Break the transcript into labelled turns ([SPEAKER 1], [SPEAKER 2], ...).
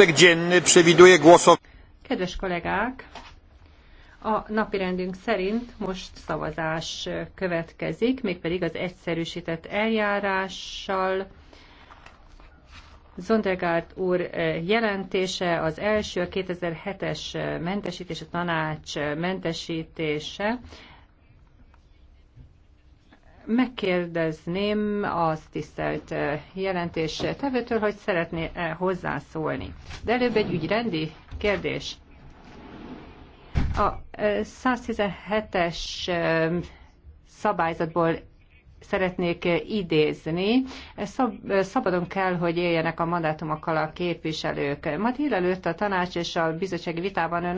[SPEAKER 1] Porządek dzienny przewiduje głosowanie.
[SPEAKER 2] Kedves kollégák, a napirendünk szerint most szavazás következik, mégpedig az egyszerűsített eljárással. Zondegárd úr jelentése, az első a 2007-es mentesítés, a tanács mentesítése megkérdezném az tisztelt eh, jelentés tevőtől, hogy szeretné -e hozzászólni. De előbb egy ügyrendi kérdés. A 117-es eh, szabályzatból szeretnék idézni. Szab, szabadon kell, hogy éljenek a mandátumokkal a képviselők. Ma délelőtt a tanács és a bizottsági vitában ön